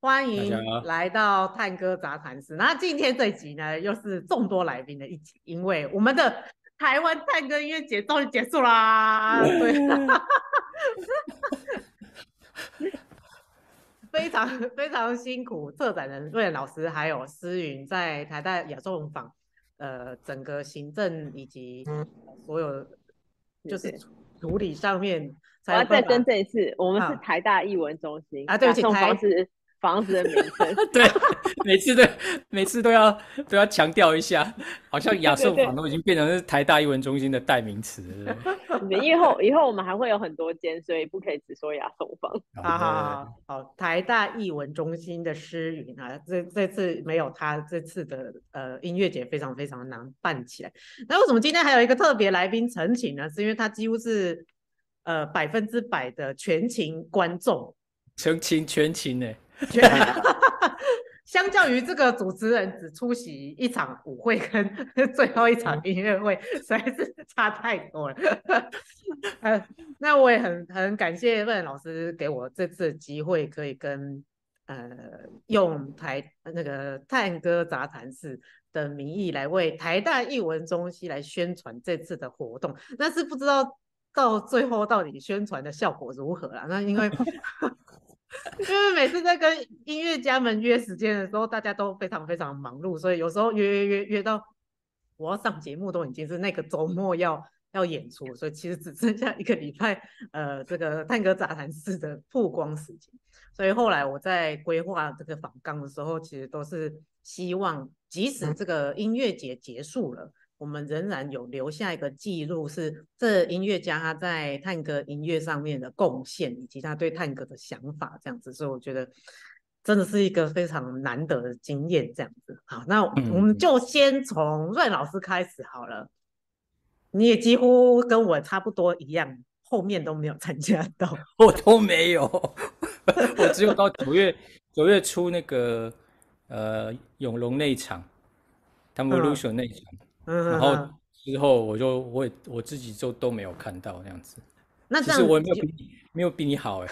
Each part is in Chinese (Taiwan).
歡迎來到探戈雜談室。那、啊、今天這集呢，又是眾多來賓的一集，因為我們的台灣探戈音樂節終於結束啦。哦、對， 非常非常辛苦，策展人睿然老師還有詩昀在台大雅頌坊呃，整個行政以及、嗯、所有就是處謝理上面才。我要再更正一次，啊、我們是台大藝文中心啊，對，起台子。房子的名稱 對、啊，每次都 每次都要都要強調一下，好像雅頌坊都已經變成是台大藝文中心的代名詞。 以後以後我們還會有很多間，所以不可以只說雅頌坊。好好好，好好，台大藝文中心的詩昀啊，這這次沒有他，這次的呃音樂節非常非常難辦起來。那為什麼今天還有一個特別來賓呈擎呢？是因為他幾乎是呃百分之百的全勤觀眾，全勤全勤呢。 相較於這個主持人只出席一場舞會跟最後一場音樂會，實在是差太多了、 呃。那我也很很感謝睿然老師給我這次機會，可以跟呃用台那個探戈雜談室的名義來為台大藝文中心來宣傳這次的活動。但是不知道到最後到底宣傳的效果如何了。那因為。 因為每次在跟音樂家們約時間的時候，大家都非常非常忙碌，所以有時候約約約約到我要上節目，都已經是那個周末要要演出，所以其實只剩下一個禮拜，呃，這個探戈雜談室的曝光時間。所以後來我在規劃這個訪綱的時候，其實都是希望即使這個音樂節結束了。我們仍然有留下一個記錄，是這音樂家他在探戈音樂上面的貢獻，以及他對探戈的想法，這樣子，所以我覺得真的是一個非常難得的經驗。這樣子，好，那我們就先從睿然老師開始好了。你也幾乎跟我差不多一樣，後面都沒有參加到，我都沒有， 我只有到九月九月初那個呃永隆那一場，他們盧索那一場。嗯嗯，然後之後我就我也，我自己就都沒有看到那樣子。那這樣我也沒有比你，沒有比你好哎，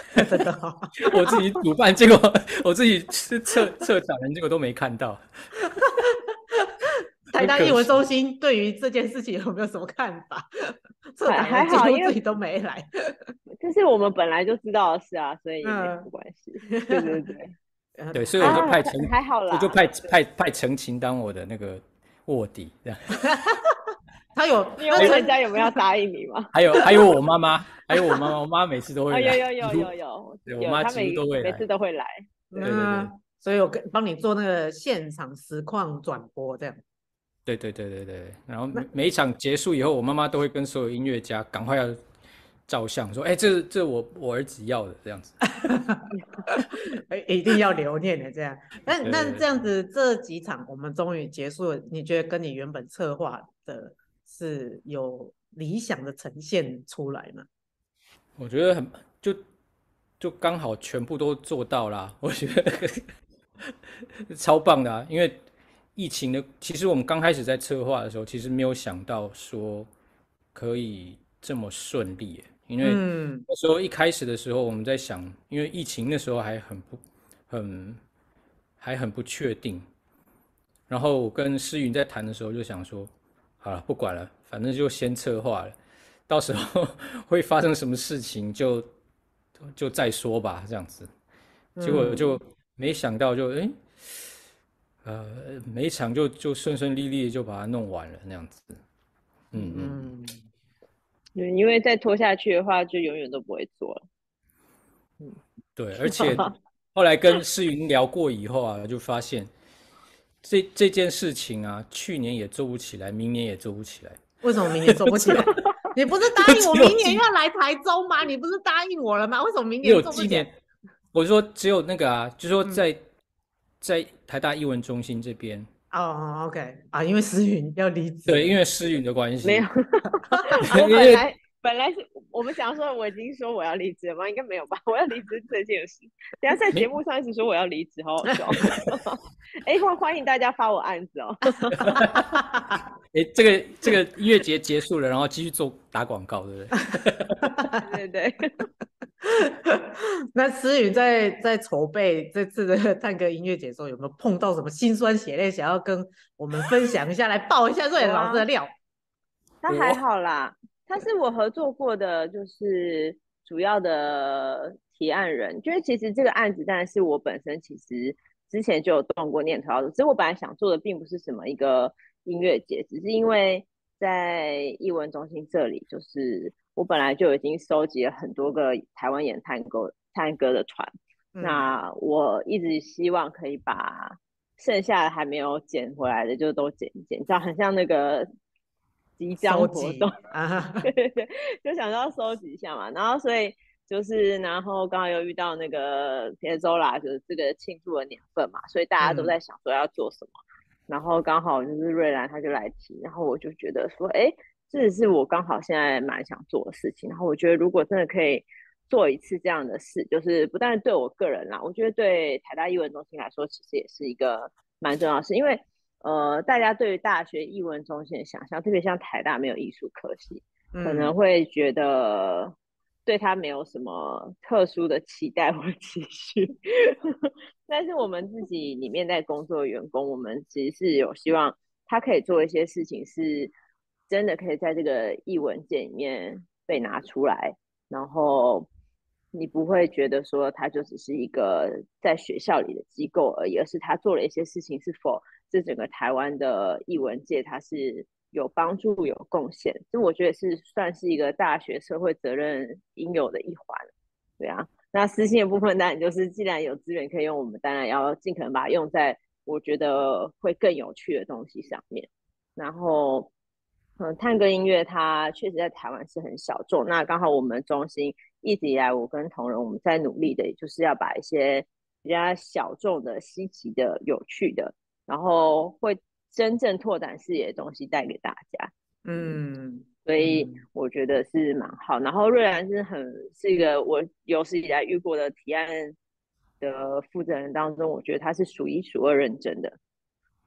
我自己主辦，結果我自己是策策展人，結果都沒看到。台大藝文中心對於這件事情有沒有什麼看法？還好，因為你都沒來，這是我們本來就知道的事啊，所以沒關係。對對對，對，所以我就派呈，還好了，我就派派派呈擎當我的那個。臥底這樣， 他有問有人家有沒有答應你嗎？還有還有我媽媽，還有我媽媽，我媽 每次都會有、啊、有有有有，對，有我媽幾乎都會每、每次都會來，對對對、啊，所以我跟幫你做那個現場實況轉播這樣，對對對對對，然後每一場結束以後，我媽媽都會跟所有音樂家趕快要。照相說：“哎、欸，這這我我兒子要的這樣子，哎， 一定要留念的這樣。 那那這樣子，對對對對，這幾場我們終於結束了，你覺得跟你原本策劃的是有理想的呈現出來嗎？”我覺得很就就剛好全部都做到啦、啊。我覺得 超棒的、啊。因為疫情的，其實我們剛開始在策劃的時候，其實沒有想到說可以這麼順利。因為那時候一開始的時候，我們在想，嗯、因為疫情那時候還很不、很、還很不確定。然後我跟詩昀在談的時候，就想說：“好了，不管了，反正就先策劃了，到時候會發生什麼事情就就再說吧。”這樣子，結果就沒想到就，就哎、嗯欸，呃，沒想就就順順利利的就把它弄完了那樣子。嗯嗯。嗯因為再拖下去的話，就永遠都不會做了。嗯，對，而且後來跟詩昀聊過以後啊， 就發現這這件事情啊，去年也做不起來，明年也做不起來。為什麼明年做不起來？ 你不是答應我明年要來台中嗎？ 你不是答應我了嗎？為什麼明年做不起來？有今年，我就說只有那個啊，就說在、嗯、在台大藝文中心這邊。哦、oh,，OK，啊、oh,，因為詩昀要離職，對，因為詩昀的關係，沒有、 啊。我本來為本來是我們想說，我已經說我要離職了嗎？應該沒有吧？我要離職這件事，等下在節目上一直說我要離職，好好笑。哎、 欸，歡歡迎大家發我案子哦。哎 、欸，這個這個音樂節結束了，然後繼續做打廣告，對不對？ 對，對對。 那詩昀在在籌備這次的探戈音樂節中，有沒有碰到什麼心酸血淚，想要跟我們分享一下， 來爆一下睿然老師的料？他哇、哦、還好啦，他是我合作過的，就是主要的提案人。就是對對其實這個案子，但是我本身其實之前就有動過念頭，所以我本來想做的並不是什麼一個音樂節，只是因為在藝文中心這裡，就是。我本來就已經收集了很多個台灣演探戈、探戈的團，嗯、那我一直希望可以把剩下的還沒有撿回來的就都撿一撿這樣，很像那個即將活動啊，就想到收集一下嘛。然後所以就是，然後剛好又遇到那個 Piazzolla，就是這個慶祝的年份嘛，所以大家都在想說要做什麼。嗯、然後剛好就是睿然他就來提，然後我就覺得說，哎、欸。這也是我剛好現在蠻想做的事情，然後我覺得如果真的可以做一次這樣的事，就是不但是對我個人啦，我覺得對台大藝文中心來說，其實也是一個蠻重要的事。因為呃，大家對於大學藝文中心的想象，特別像台大沒有藝術科系，可能會覺得對他沒有什麼特殊的期待或期許。嗯、但是我們自己裡面在工作的員工，我們其實是有希望他可以做一些事情是真的可以在這個藝文界裡面被拿出來，然後你不會覺得說它就只是一個在學校裡的機構而已，而是它做了一些事情是否這整個台灣的藝文界它是有幫助、有貢獻？這我覺得是算是一個大學社會責任應有的一環。對啊，那私信的部分當然就是既然有資源可以用，我們當然要盡可能把它用在我覺得會更有趣的東西上面，然後。嗯，探戈音樂它確實在台灣是很小眾。那剛好我們中心一直以來，我跟同仁我們在努力的，就是要把一些比較小眾的、稀奇的、有趣的，然後會真正拓展視野的東西帶給大家。嗯，所以我覺得是蠻好。嗯、然後睿然是很是一個我有史以來遇過的提案的負責人當中，我覺得他是數一數二認真的，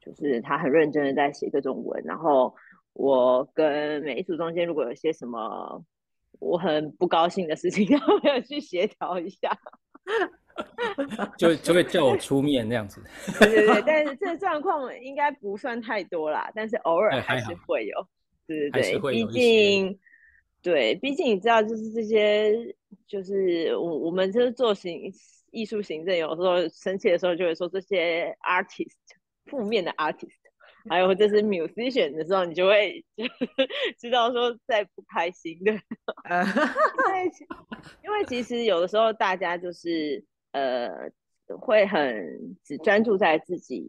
就是他很認真的在寫各種文，然後。我跟每一組中間，如果有些什麼我很不高興的事情，要不要去協調一下？ 就就會叫我出面那樣子。 對對對，但是這個狀況應該不算太多啦，但是偶爾還是會有。對、哎、對對，畢竟對，畢竟你知道，就是這些，就是我我們就是做行藝術行政，有時候生氣的時候就會說這些 artist，負面的 artist。還有，就是 musician 的時候，你就會就知道說，在不開心的， 因為其實有的時候大家就是呃，會很只專注在自己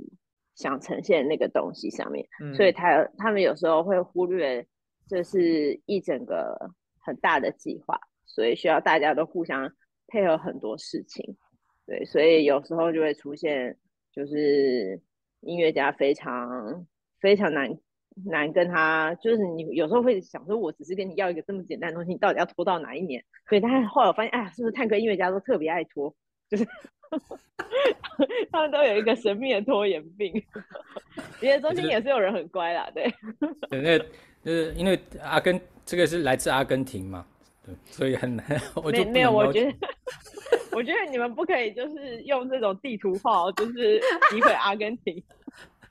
想呈現那個東西上面，嗯、所以他他們有時候會忽略這是一整個很大的計劃，所以需要大家都互相配合很多事情，對，所以有時候就會出現就是。音樂家非常非常難難跟他，就是你有時候會想說，我只是跟你要一個這麼簡單的東西，你到底要拖到哪一年？所以，他後來我發現，哎呀，是不是探戈音樂家都特別愛拖？就是 他們都有一個神秘的拖延病。其實中心也是有人很乖啦，對。對，那就是因為阿根，這個是來自阿根廷嘛。所以很難，我沒有沒有，我覺得，我覺得你們不可以就是用這種地圖炮，就是詆毀阿根廷，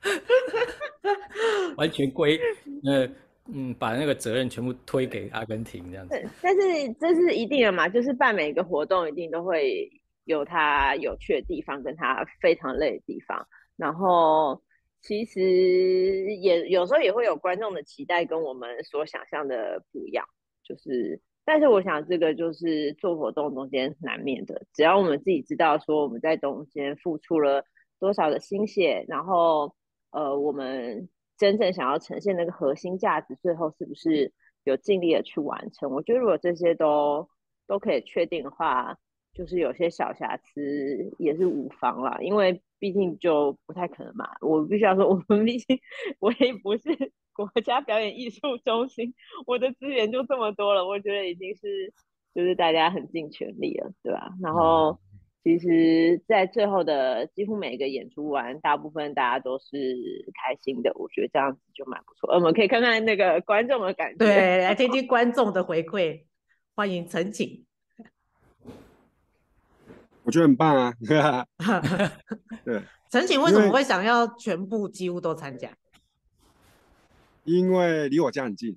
完全歸，那個、嗯，把那個責任全部推給阿根廷這樣子。但是這是一定的嘛，就是辦每個活動一定都會有它有趣的地方，跟它非常累的地方。然後其實也有時候也會有觀眾的期待跟我們所想象的不一樣，就是。但是我想，這個就是做活動中間難免的。只要我們自己知道，說我們在中間付出了多少的心血，然後呃，我們真正想要呈現那個核心價值，最後是不是有盡力的去完成？我覺得如果這些都都可以確定的話，就是有些小瑕疵也是無妨啦，因為畢竟就不太可能嘛。我必須要說，我們畢竟我也不是。國家表演藝術中心，我的資源就這麼多了，我覺得已經是就是大家很盡全力了，對吧？然後其實，在最後的幾乎每一個演出完，大部分大家都是開心的，我覺得這樣子就蠻不錯、嗯。我們可以看看那個觀眾的感覺，對，來聽聽觀眾的回饋。 歡迎呈擎，我覺得很棒啊！對，呈擎為什麼會想要全部幾乎都參加？因為離我家很近，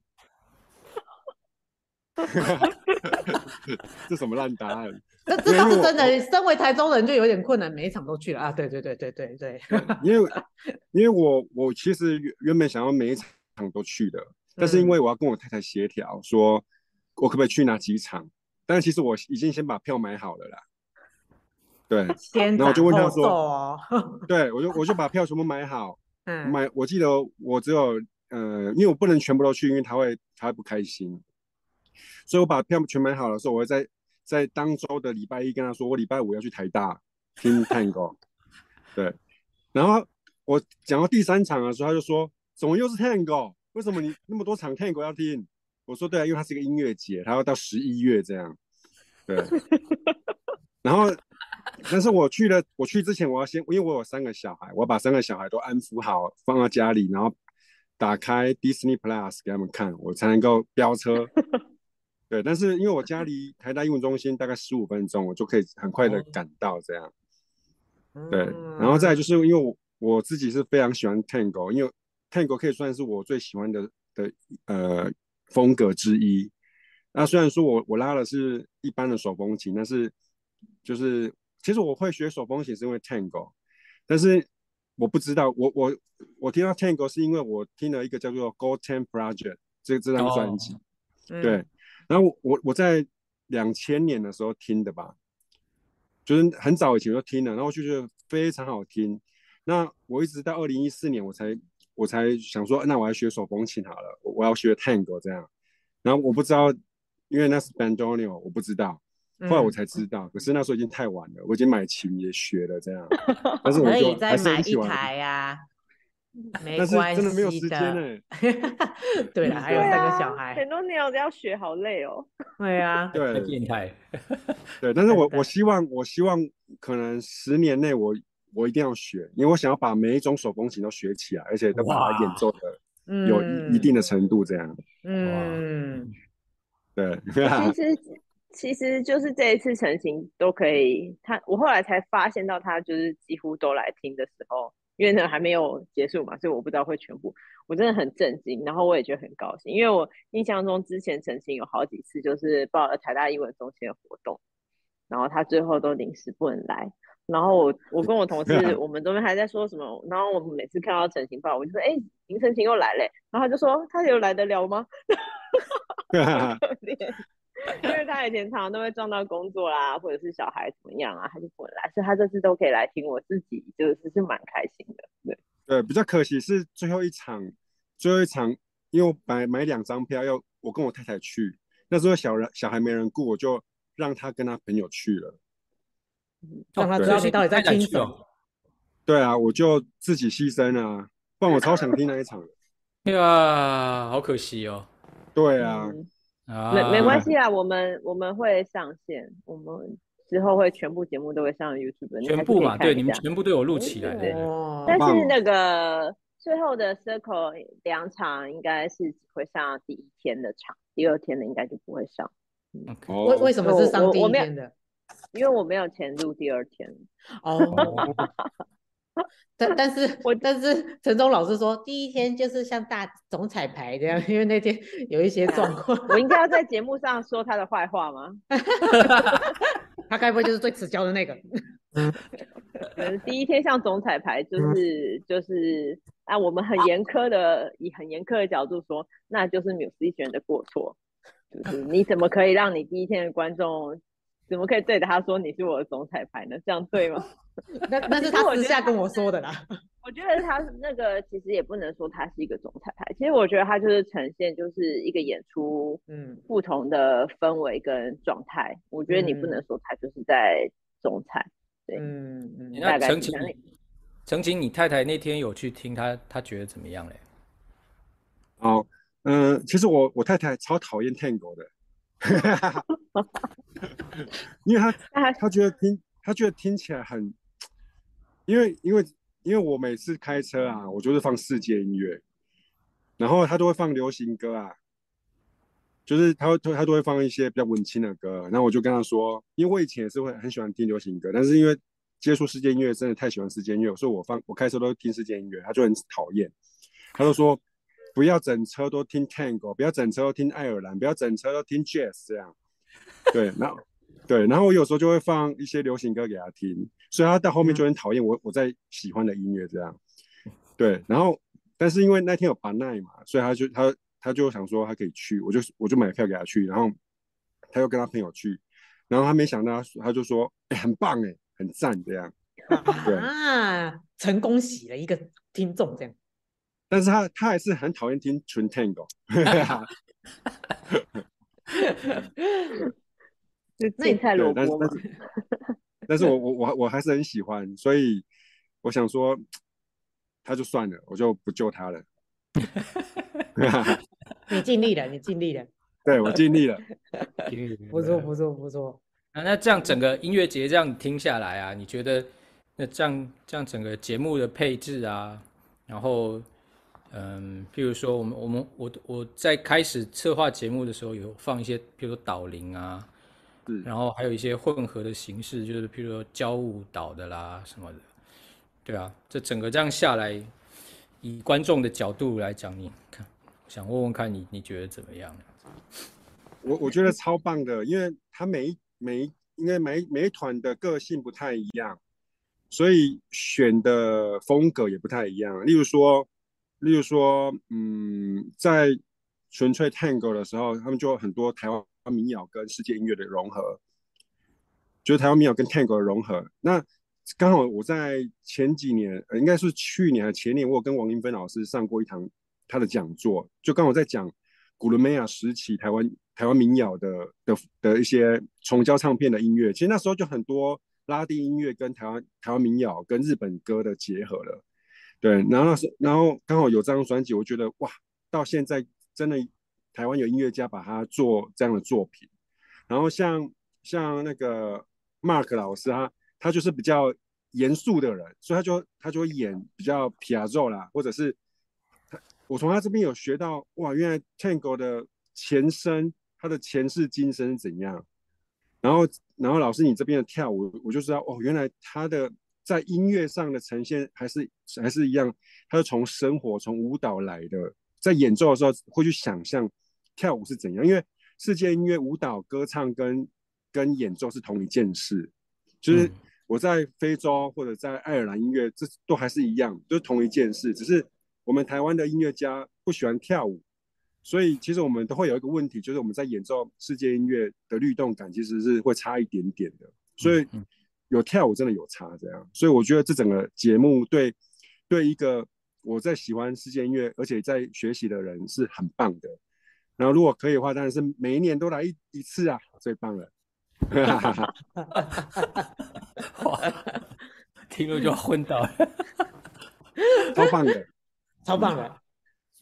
哈哈 這什麼爛答案？這這倒是真的。為我身為台中人就有點困難，每一場都去了啊！對對對對對對，對因為 因為我我其實原原本想要每一場都去的，但是因為我要跟我太太協調，嗯、說我可不可以去哪幾場？但其實我已經先把票買好了啦，對，後哦、然後我就問他說， 對我就我就把票全部買好，嗯、買我記得我只有。呃，因為我不能全部都去，因為他會他會不開心，所以我把票全買好了，所以我會在在當周的禮拜一跟他說，我禮拜五要去台大聽 Tango，對，然後我講到第三場的時候，他就說，怎麼又是 Tango？為什麼你那麼多場 Tango 要聽？我說對啊，因為它是一個音樂節，他要到十一月這樣，對，然後，但是我去了，我去之前我要先，因為我有三個小孩，我要把三個小孩都安撫好，放到家裡，然後。打開 Disney Plus 給他們看，我才能夠飆車。 對，但是因為我家離台大運動中心大概十五分鐘，我就可以很快的趕到。這樣，哦、對。然後再來就是，因為我我自己是非常喜歡 Tango，因為 Tango 可以算是我最喜歡的的呃風格之一。那雖然說我我拉的是一般的手風琴，但是就是其實我會學手風琴是因為 Tango，但是。我不知道，我我我聽到 Tango 是因為我聽了一個叫做 Gotan Project 這這張專輯，oh, 對，對，然後我我我在兩千年的時候聽的吧，就是很早以前就聽了，然後就覺得非常好聽。那我一直到二零一四年我才我才想說，那我要學手風琴好了，我要學 Tango 這樣。然後我不知道，因為那是 bandoneon，我不知道。後來我才知道，可是那時候已經太晚了，我已經買琴也學了這樣，但是我就還玩。可以再買一台呀，但是真的沒有時間呢。對了，還有三個小孩，很多年我都要學，好累哦。對啊，對，變態。對，但是我我希望，我希望可能十年內我我一定要學，因為我想要把每一種手風琴都學起來，而且都把它演奏的有一定的程度這樣。嗯，對。其實。其實就是這一次呈擎都可以，他我後來才發現到，他就是幾乎都來聽的時候，因為呢還沒有結束嘛，所以我不知道會全部，我真的很震驚，然後我也覺得很高興，因為我印象中之前呈擎有好幾次就是報了台大英文中心的活動，然後他最後都臨時不能來，然後我我跟我同事我們都還在說什麼，然後我們每次看到呈擎報，我就說哎、欸，林呈擎又來嘞，然後他就說他有來得了嗎？ 因為他以前常常都會撞到工作啦、啊，或者是小孩怎麼樣啊，他就不來，所以他這次都可以來聽我自己，就是是蠻開心的。對對，比較可惜是最後一場，最後一場，因為我買買兩張票要我跟我太太去，那時候小人小孩沒人顧，我就讓他跟他朋友去了，讓他知道你到底在聽什麼。對啊，我就自己犧牲啊，不然我超想聽那一場。 那個啊，好可惜哦。對啊。嗯啊、沒沒關係啊，我們我們會上線，我們之後會全部節目都會上 YouTube，全部嘛，對，你們全部都有錄起來的。但是那個最後的 Circle 兩場應該是只會上第一天的場，第二天的應該就不會上。為 Okay. 為什麼是上第一天的？因為我沒有錢錄第二天。哦。Oh. 但但是，我但是陳忠老師說，第一天就是像大總彩排這樣，因為那天有一些狀況、啊。我應該要在節目上說他的壞話嗎？ 他該不會就是最遲交的那個、嗯？第一天像總彩排，就是、嗯、就是啊，我們很嚴苛的、啊、以很嚴苛的角度說，那就是繆斯 a n 的過錯，就是你怎麼可以讓你第一天的觀眾？怎麼可以對着他說你是我的總彩排呢？這樣對嗎？ 那那是他私下跟我說的啦。 我覺得他那個其實也不能說他是一個總彩排， 其實我覺得他就是呈現就是一個演出，嗯，不同的氛圍跟狀態。嗯、我覺得你不能說他就是在總彩，嗯、對，嗯。那呈擎，呈擎，你太太那天有去聽他，他覺得怎麼樣嘞？哦，嗯，其實我我太太超討厭 Tango 的。哈哈哈， 因為他他覺得聽他覺得聽起來很，因為因為因為我每次開車啊，我就是放世界音樂，然後他都會放流行歌啊，就是他他他都會放一些比較文青的歌，然後我就跟他說，因為我以前也是會很喜歡聽流行歌，但是因為接觸世界音樂，真的太喜歡世界音樂，所以我放我開車都會聽世界音樂，他就很討厭，他就說。不要整車都聽 Tango，不要整車都聽愛爾蘭，不要整車都聽 Jazz，這樣。 對，然後，對，然後我有時候就會放一些流行歌給他聽，所以他到後面就很討厭我， 我在喜歡的音樂這樣。對，然後，但是因為那天有 Band Night 嘛，所以他就他他就想說他可以去，我就我就買票給他去，然後他又跟他朋友去，然後他沒想到他，他就說，欸、很棒哎，很讚這樣。 對啊， 成功洗了一個聽眾這樣。但是他他還是很討厭聽純 tango，哈哈哈哈哈，那也太蘿蔔了。但是，但是我我我還是很喜歡，所以我想說，他就算了，我就不救他了。 你盡力了，你盡力了， 對，我盡力了，盡力了，不錯，不錯，不錯。啊，那這樣整個音樂節這樣聽下來啊，你覺得那這樣這樣整個節目的配置啊，然後。嗯，譬如說我，我們我們我我在開始策劃節目的時候，有放一些，譬如說導靈啊，嗯是，然後還有一些混合的形式，就是譬如說教舞蹈的啦什麼的，對啊，這整個這樣下來，以觀眾的角度來講，你看，想問問看你你覺得怎麼樣？我我覺得超棒的，因為他每一每、每、每一，因為每每一團的個性不太一樣，所以選的風格也不太一樣。例如說。例如說，嗯，在純粹 Tango 的時候，他們就有很多台灣民謠跟世界音樂的融合，就是台灣民謠跟 Tango 的融合。那剛好我在前幾年，呃，應該是去年前年，我有跟王櫻芬老師上過一堂他的講座，就剛好在講古倫美亞時期台灣台灣民謠的的的一些蟲膠唱片的音樂。其實那時候就很多拉丁音樂跟台灣台灣民謠跟日本歌的結合了。對，然後是，然後剛好有這張專輯，我覺得哇，到現在真的台灣有音樂家把它做這樣的作品。然後像像那個 Mark 老師啊，他就是比較嚴肅的人，所以他就他就會演比較 Piazzolla 啦，或者是他我從他這邊有學到哇，原來 Tango 的前身，他的前世今生是怎樣。然後然後老師你這邊的跳舞，我就知道哦，原來他的。在音樂上的呈現還是還是一樣，它是從生活、從舞蹈來的。在演奏的時候會去想象跳舞是怎樣，因為世界音樂、舞蹈、歌唱跟跟演奏是同一件事。就是我在非洲或者在愛爾蘭音樂，這都還是一樣，都是同一件事。只是我們台灣的音樂家不喜歡跳舞，所以其實我們都會有一個問題，就是我們在演奏世界音樂的律動感其實是會差一點點的。所以。嗯嗯有跳，我真的有差這樣，所以我覺得這整個節目對，對一個我在喜歡世界音樂，而且在學習的人是很棒的。然後如果可以的話，當然是每一年都來一一次啊，最棒了。哈哈哈哈哈，聽了就昏倒，超棒的，超棒的啊，嗯，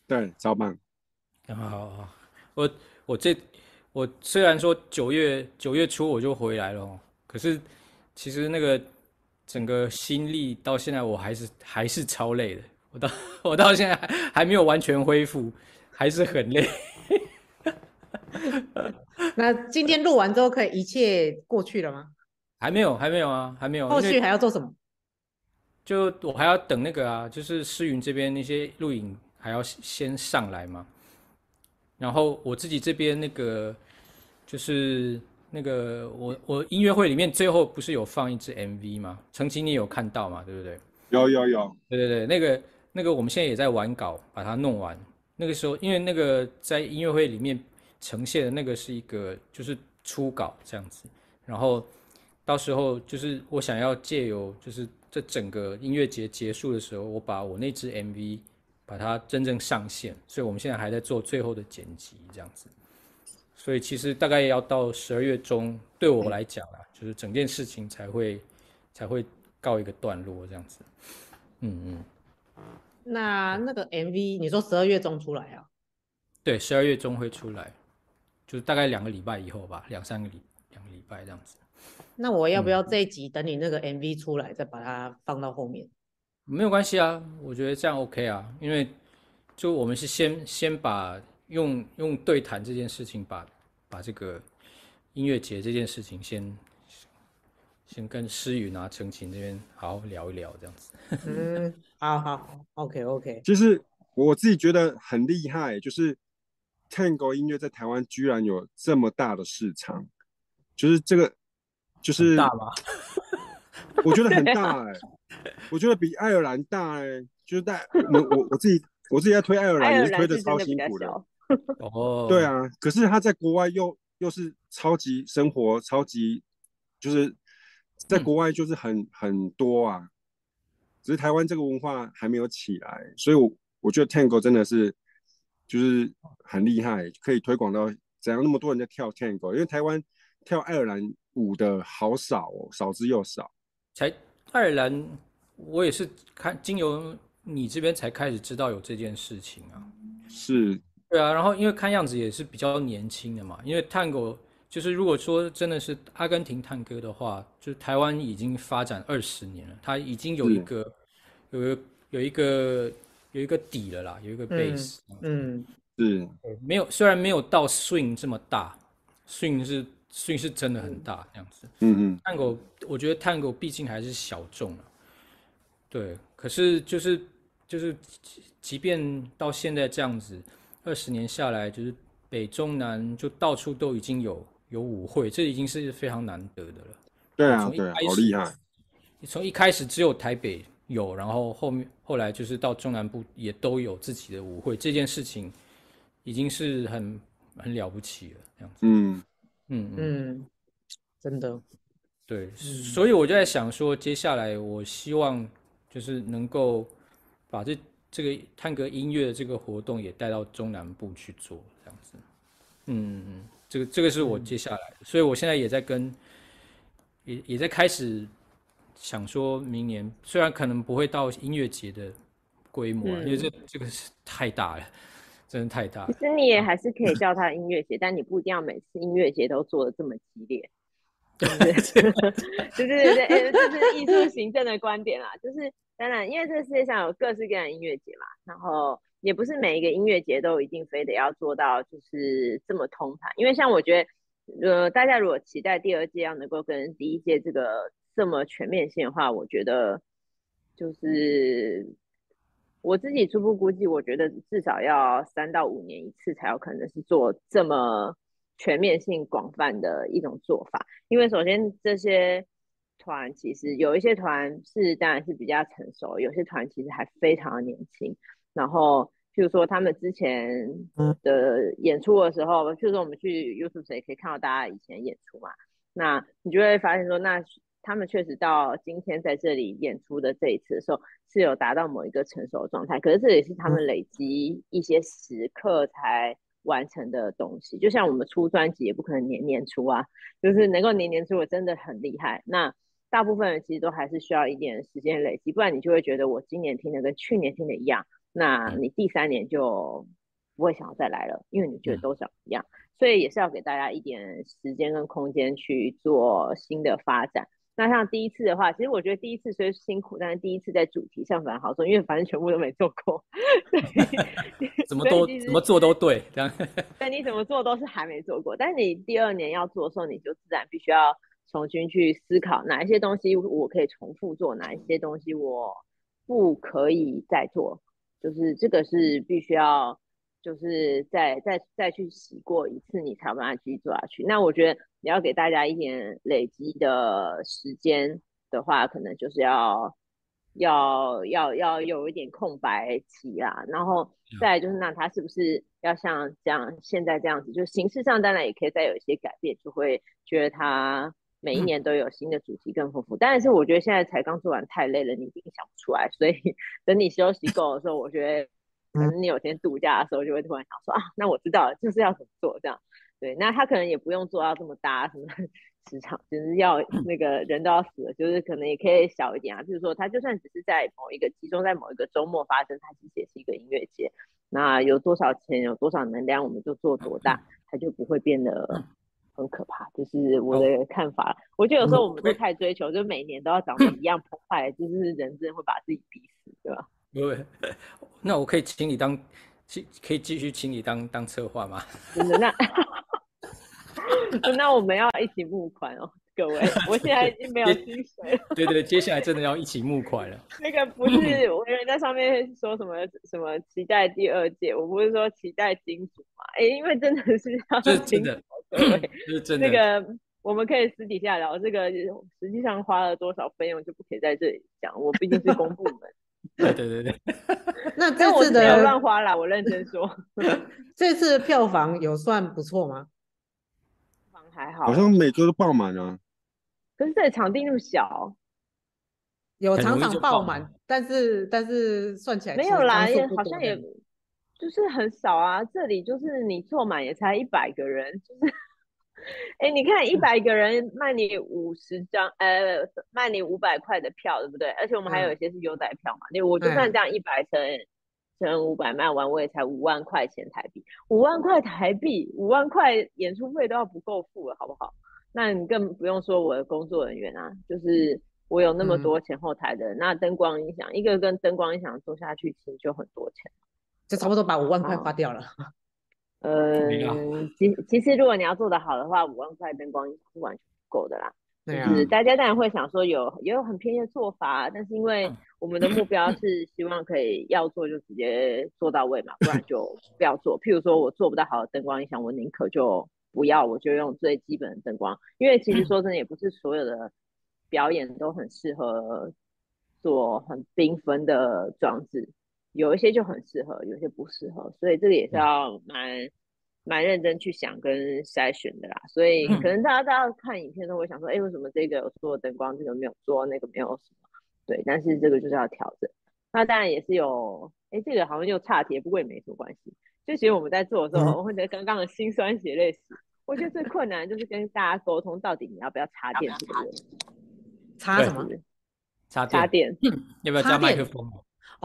對，超棒。好，好，好，我我這我雖然說九月九月初我就回來了，可是。其實那個整個心力到現在我還是還是超累的，我到我到現在還，還沒有完全恢復，還是很累。 那今天錄完之後可以一切過去了嗎？還沒有，還沒有啊，還沒有。後續還要做什麼？就我還要等那個啊，就是詩昀這邊那些錄影還要先上來嘛，然後我自己這邊那個就是。那個我我音樂會裡面最後不是有放一支 MV 嗎？呈擎，你有看到嗎？對不對？有有有。對對對，那個那個我們現在也在完稿，把它弄完。那個時候因為那個在音樂會裡面呈現的那個是一個就是初稿這樣子，然後到時候就是我想要借由就是這整個音樂節結束的時候，我把我那支 MV 把它真正上線，所以我們現在還在做最後的剪輯這樣子。所以其實大概要到十二月中，對我來講啊，嗯、就是整件事情才會才會告一個段落這樣子。嗯嗯。那那個 MV，你說十二月中出來啊？對，十二月中會出來，就是大概兩個禮拜以後吧，兩三個禮兩個禮拜這樣子。那我要不要這一集等你那個 MV 出來、嗯、再把它放到後面？沒有關係啊，我覺得這樣 OK 啊，因為就我們是先先把用用對談這件事情吧。把這個音樂節這件事情先先跟詩昀拿呈擎這邊好好聊一聊，這樣子。嗯啊好，好，OK OK。就是我自己覺得很厲害，就是 Tango 音樂在台灣居然有這麼大的市場，就是這個就是大嗎？我覺得很大誒、欸， 啊、我覺得比愛爾蘭大誒、欸，就是大。 嗯、我我我自己我自己在推愛爾蘭，也是推的超辛苦的。哦， 對啊，可是他在國外又又是超級生活，超級就是在國外就是很、嗯、很多啊，只是台灣這個文化還沒有起來，所以我我覺得 Tango 真的是就是很厲害，可以推廣到怎樣那麼多人在跳 Tango，因為台灣跳愛爾蘭舞的好少、哦，少之又少。才愛爾蘭，我也是看經由你這邊才開始知道有這件事情啊，是。對啊，然後因為看樣子也是比較年輕的嘛，因為探戈就是如果說真的是阿根廷探戈的話，就是台灣已經發展二十年了，它已經有一個，嗯、有一個有一個有一個底了啦，有一個 base，嗯，是、嗯，對嗯、沒有，雖然沒有到 swing 這麼大，嗯、swing 是 swing 是真的很大這樣子，嗯嗯，探戈、嗯、我覺得探戈畢竟還是小眾了，對，可是就是就是即便到現在這樣子。二十年下來，就是北中南就到處都已經有有舞會，這已經是非常難得的了。對啊，從一開始對，好厲害！從一開始只有台北有，然後後面後來就是到中南部也都有自己的舞會，這件事情已經是很很了不起了，這樣子。嗯嗯嗯，嗯真的，對，所以我就在想說，接下來我希望就是能夠把這。這個探戈音樂的這個活動也帶到中南部去做，這樣子。嗯，這個這個是我接下來，嗯、所以我現在也在跟，也也在開始想說明年雖然可能不會到音樂節的規模，嗯、因為這這個是太大了，真的太大了。其實你也還是可以叫它音樂節，嗯、但你不一定要每次音樂節都做的這麼激烈。對對對對，這是藝術行政的觀點啊，就是。當然，因為這個世界上有各式各樣的音樂節嘛，然後也不是每一個音樂節都一定非得要做到就是這麼通盤。因為像我覺得，呃，大家如果期待第二屆要能夠跟第一屆這個這麼全面性的話，我覺得就是我自己初步估計，我覺得至少要三到五年一次才有可能是做這麼全面性廣泛的一種做法。因為首先這些。團其實有一些團是當然是比較成熟，有些團其實還非常的年輕。然後，譬如說他們之前的演出的時候，譬如說我們去 YouTube 可以看到大家以前演出嘛。那你就會發現說，那他們確實到今天在這裡演出的這一次的時候，是有達到某一個成熟的狀態。可是這也是他們累積一些時刻才完成的東西。就像我們出專輯也不可能年年出啊，就是能夠年年出，我真的很厲害。那。大部分人其實都還是需要一點時間累積，不然你就會覺得我今年聽的跟去年聽的一樣，那你第三年就不會想要再來了，因為你覺得都想一樣。嗯，所以也是要給大家一點時間跟空間去做新的發展。那像第一次的話，其實我覺得第一次雖然辛苦，但是第一次在主題上反而好做，因為反正全部都沒做過，對， 怎麼都 怎麼做都對這樣。但 你怎麼做都是還沒做過，但你第二年要做的時候，你就自然必須要。重新去思考哪一些東西我可以重複做，哪一些東西我不可以再做，就是這個是必須要，就是再再再去洗過一次，你才有辦法繼續做下去。那我覺得你要給大家一點累積的時間的話，可能就是要要要要有一點空白期啊，然後再就是那他是不是要像這樣現在這樣子，就形式上當然也可以再有一些改變，就會覺得他。每一年都有新的主題更豐富，但是我覺得現在才剛做完太累了，你一定想不出來。所以等你休息夠的時候，我覺得可能你有天度假的時候，就會突然想說啊，那我知道了就是要怎麼做這樣。對，那他可能也不用做到這麼大什麼市場，只、就是要那個人都要死了，就是可能也可以小一點啊。譬如說，他就算只是在某一個集中在某一個周末發生，他其實也是一個音樂節。那有多少錢，有多少能量，我們就做多大，他就不會變得。很可怕，就是我的看法，哦、我覺得有時候我們是太追求，嗯、就是每年都要長得一樣澎湃、破壞，就是人真的會把自己逼死，對吧？對。那我可以請你當，可以繼續請你當當策劃嗎？真的，那 那我們要一起募款哦，各位，我現在已經沒有薪水了。對對,對,對，接下來真的要一起募款了。 那個不是，我以為在上面說什麼什麼期待第二屆，我不是說期待金主嘛？哎、欸，因為真的是要就真對是這，那個我們可以私底下聊。這個實際上花了多少費用就不可以在這裡講。我畢竟是公部門。 對對對。那這次沒有亂花啦，我認真說。 這次票房有算不錯嗎？票房還好，好像每周都爆滿啊。可是這場地那麼小，有場場爆滿，但是但是算起來沒有啦，也好像也就是很少啊。這裡就是你坐滿也才一百個人，就是。哎、欸，你看一百個人賣你五十張，呃、欸，賣你五百塊的票，對不對？而且我們還有一些是優待票嘛，你、嗯、我就算這樣一百乘乘五百賣完，我也才五萬塊錢台幣，五萬塊台幣，五萬塊演出費都要不夠付了，好不好？那你更不用說我的工作人員啊，就是我有那麼多前後台的，嗯、那燈光音響一個跟燈光音響做下去，其實就很多錢，就差不多把五萬塊花掉了。呃，其實其實如果你要做得好的話，五萬塊燈光是完全夠的啦。對、啊、就是，大家當然會想說有也有很偏的做法，但是因為我們的目標是希望可以要做就直接做到位嘛，不然就不要做。 譬如說我做不到好的燈光音響，我寧可就不要，我就用最基本的燈光，因為其實說真的也不是所有的表演都很適合做很繽紛的裝置。有一些就很適合，有一些不適合，所以這個也是要蠻蠻、嗯、認真去想跟篩選的啦。所以可能大家大家看影片都會想說，哎、嗯欸，為什麼這個有做燈光，這個沒有做，那個沒有什麼？對，但是這個就是要調整。那當然也是有，哎、欸，這個好像又插電，不過也沒什麼關係。就其實我們在做的時候，或、嗯、得剛剛的辛酸血淚史，我覺得最困難的就是跟大家溝通到底你要不要插電是不是，插電，插什麼？插電，要不要加麥克風？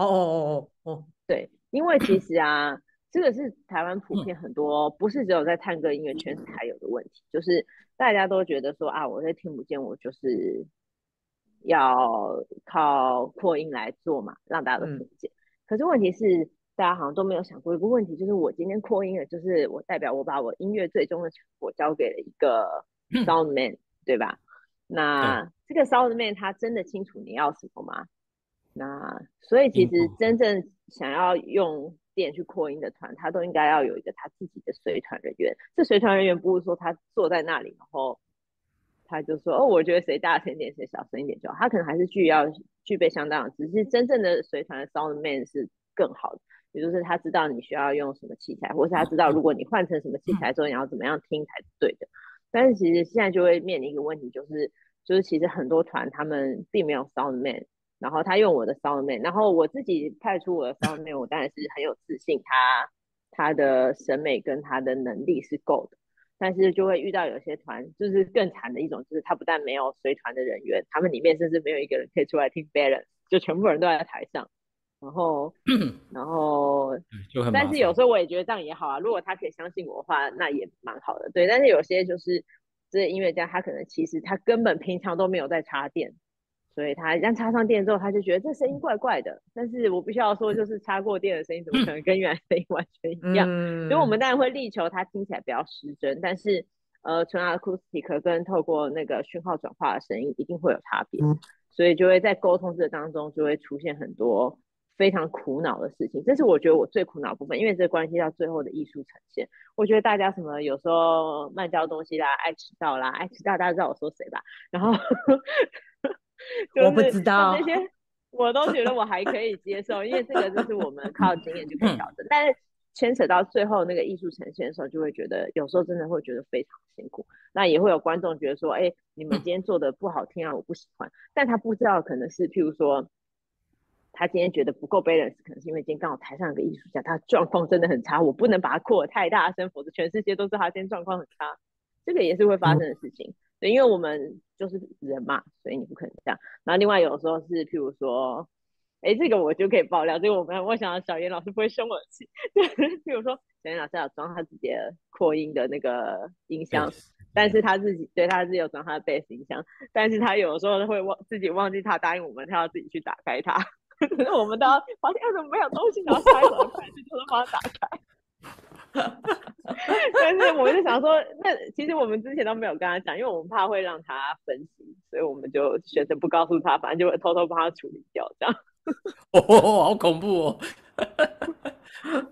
哦哦哦哦哦，oh, oh, oh, oh. 對，因為其實啊， 這個是台灣普遍很多，不是只有在探戈音樂圈才有的問題，嗯、就是大家都覺得說啊，我在聽不見，我就是要靠擴音來做嘛，讓大家都聽不見。嗯、可是問題是，大家好像都沒有想過一個問題，就是我今天擴音了，就是我代表我把我音樂最終的成果交給了一個 sound man，嗯、對吧？那、嗯、這個 sound man 他真的清楚你要什麼嗎？那所以，其實真正想要用電去擴音的團，他都應該要有一個他自己的隨團人員。這隨團人員不是說他坐在那裡，然後他就說：“哦，我覺得誰大聲一點，誰小聲一點就好。”他可能還是具要具備相當的，只是真正的隨團的 Soundman 是更好的，也就是他知道你需要用什麼器材，或是他知道如果你換成什麼器材之後，你要怎麼樣聽才對的。但是其實現在就會面臨一個問題，就是就是其實很多團他們並沒有 Soundman。然後他用我的 Soundman 然後我自己派出我的 Soundman 我當然是很有自信他，他他的審美跟他的能力是夠的。但是就會遇到有些團，就是更慘的一種，就是他不但沒有隨團的人員，他們裡面甚至沒有一個人可以出來聽 balance，就全部人都在台上。然後，然後， 但是有時候我也覺得這樣也好啊，如果他可以相信我的話，那也蠻好的。對，但是有些就是、就是、這些音樂家，他可能其實他根本平常都沒有在插電。所以他一旦插上電之後，他就覺得這聲音怪怪的。但是我必須要說，就是插過電的聲音怎麼可能跟原來的聲音完全一樣？所以，嗯，我們當然會力求它聽起來比較失真，但是，呃，純 acoustic 跟透過那個訊號轉化的聲音一定會有差別，嗯，所以就會在溝通這當中就會出現很多非常苦惱的事情。這是我覺得我最苦惱的部分，因為這關係到最後的藝術呈現，我覺得大家什麼，有時候慢交東西啦，愛遲到啦，愛遲到大家知道我說誰吧？然後。 就是、我不知道那、啊、些，我都覺得我還可以接受， 因為這個就是我們靠經驗就可以搞的， 但是牽扯到最後那個藝術呈現的時候，就會覺得有時候真的會覺得非常辛苦。那也會有觀眾覺得說：“哎、欸，你們今天做的不好聽啊，我不喜歡。”但他不知道，可能是譬如說，他今天覺得不夠 balance，可能是因為今天剛好台上有個藝術家，他狀況真的很差，我不能把他擴的太大聲，否則全世界都知道他今天狀況很差。這個也是會發生的事情。嗯對，因為我們就是人嘛，所以你不可能這樣。然後另外有時候是，譬如說，哎，這個我就可以爆料，這個我們我想小嚴老師不會生我氣。對，比如說小嚴老師要裝他自己的擴音的那個音箱，Yes. 但是他自己對他自己有裝他的 bass 音箱，但是他有時候會忘自己忘記他答應我們，他要自己去打開它。可是我們都要發現他怎麼沒有東西，然後一的就把他要怎麼去就能把它打開？ 但是，我就想說，那其實我們之前都沒有跟他講，因為我們怕會讓他分心，所以我們就選擇不告訴他，反正就會偷偷幫他處理掉。這樣哦，oh, oh, oh, 好恐怖哦！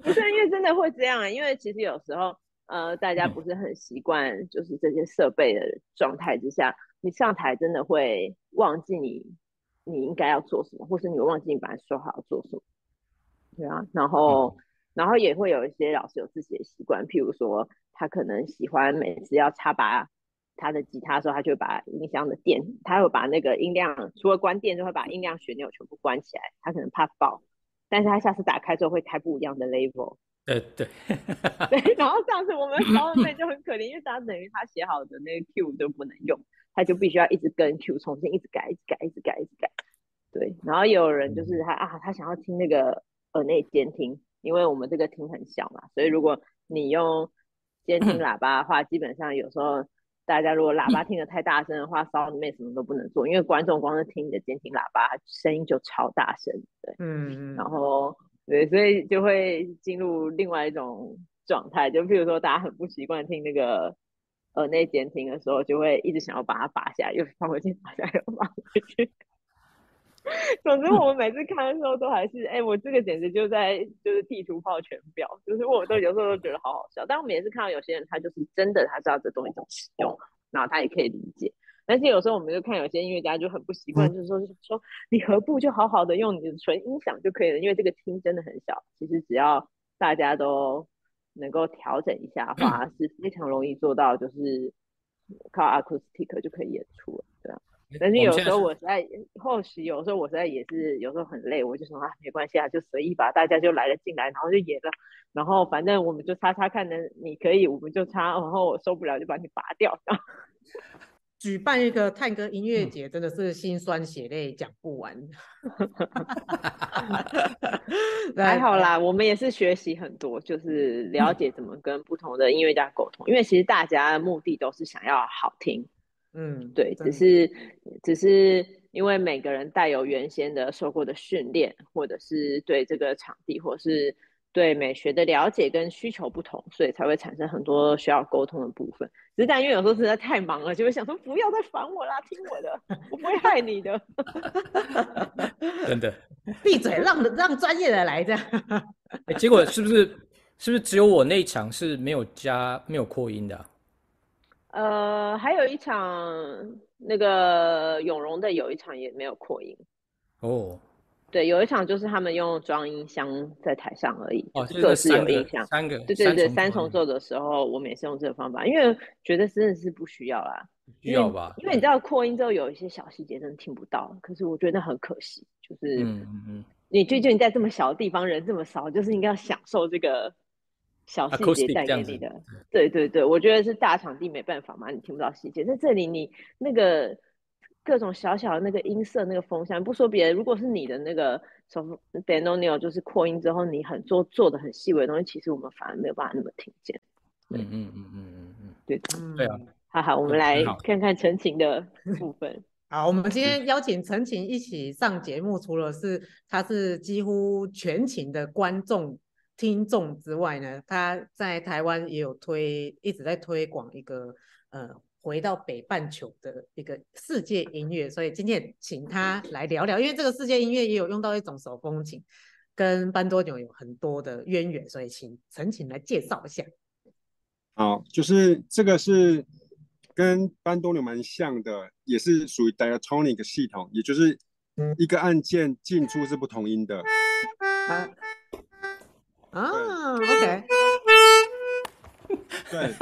不 是 因為真的會這樣啊。欸，因為其實有時候，呃，大家不是很習慣，就是這些設備的狀態之下，你上台真的會忘記你你應該要做什麼，或是你忘記你本來說好要做什麼。對啊，然後。嗯然後也會有一些老師有自己的習慣，譬如說他可能喜歡每次要插拔他的吉他的時候，他就把音箱的電，他會把那個音量除了關電，就會把音量旋鈕全部關起來，他可能怕爆。但是他下次打開之後會開不一樣的 level。呃、對對。然後上次我們小妹妹就很可憐， 因為她等於她寫好的那個 Q 都不能用，她就必須要一直跟 Q 重新一直改一直改，一直改一直改，一直改。對，然後有人就是他、嗯、啊，他想要聽那個耳內監聽。因為我們這個廳很小嘛，所以如果你用監聽喇叭的話， 基本上有時候大家如果喇叭聽得太大聲的話，房、嗯、裡面什麼都不能做，因為觀眾光是聽你的監聽喇叭聲音就超大聲，對，嗯，然後對，所以就會進入另外一種狀態，就比如說大家很不習慣聽那個呃耳內監聽的時候，就會一直想要把它拔下來，又放回去，拔下來又放回去。總之，我們每次看的時候都還是，哎、欸，我這個簡直就在就是地圖炮全表，就是我都有時候都覺得好好笑。但我每次看到有些人，他就是真的他知道這東西怎麼使用，然後他也可以理解。但是有時候我們就看有些音樂家就很不習慣，就是說就說你何不就好好的用你的純音響就可以了？因為這個廳真的很小，其實只要大家都能夠調整一下的話，是非常容易做到，就是靠 acoustic 就可以演出，對啊。但是有時候我實在後期，或許有時候我實在也是有時候很累，我就說啊，沒關係啊，就隨意吧，大家就來了進來，然後就演了，然後反正我們就擦擦看能，你可以，我們就擦，然後我受不了就把你拔掉。舉辦一個探戈音樂節，嗯、真的是心酸血淚講不完，還好啦，我們也是學習很多，就是了解怎麼跟不同的音樂家溝通，嗯、因為其實大家的目的都是想要好聽。嗯，對，的只是只是因為每個人帶有原先的受過的訓練，或者是對這個場地，或者是對美學的了解跟需求不同，所以才會產生很多需要溝通的部分。只是但因為有時候實在太忙了，就會想說不要再煩我啦， 聽我的，我不會害你的。 真的，閉嘴讓，讓讓專業的來這樣。 欸，結果是不是是不是只有我那一場是沒有加沒有擴音的啊？呃，還有一場那個永榮的有一場也沒有擴音，哦，oh. 對，有一場就是他們用裝音箱在台上而已。哦，oh，這個是有音箱三個，三個，對對對，三重奏的時候我們也是用這個方法，因為覺得真的是不需要啦。需要吧？因為你知道擴音之後有一些小細節真的聽不到，可是我覺得那很可惜，就是嗯嗯，mm hmm. 你畢竟你在這麼小的地方，人這麼少，就是應該要享受這個。小細節帶給你的，對對對，嗯、我覺得是大場地沒辦法嘛，你聽不到細節。那這裡你那個各種小小的那個音色，那個風箱，不說別人，如果是你的那個什麼 bandoneon，就是擴音之後，你很做做的很細微的東西，其實我們反而沒有辦法那麼聽見。嗯嗯嗯嗯嗯嗯，對對啊，好好，我們來看看呈擎的部分。好， 好，我們今天邀請呈擎一起上節目，除了是他是幾乎全勤的觀眾。聽眾之外呢，他在台灣也有推，一直在推廣一個呃，回到北半球的一個世界音樂，所以今天請他來聊聊，因為這個世界音樂也有用到一種手風琴，跟班多紐有很多的淵源，所以請呈擎來介紹一下。好，就是這個是跟班多紐蠻像的，也是屬於 diatonic 系統，也就是一個按鍵進出是不同音的。嗯啊啊對，OK，對，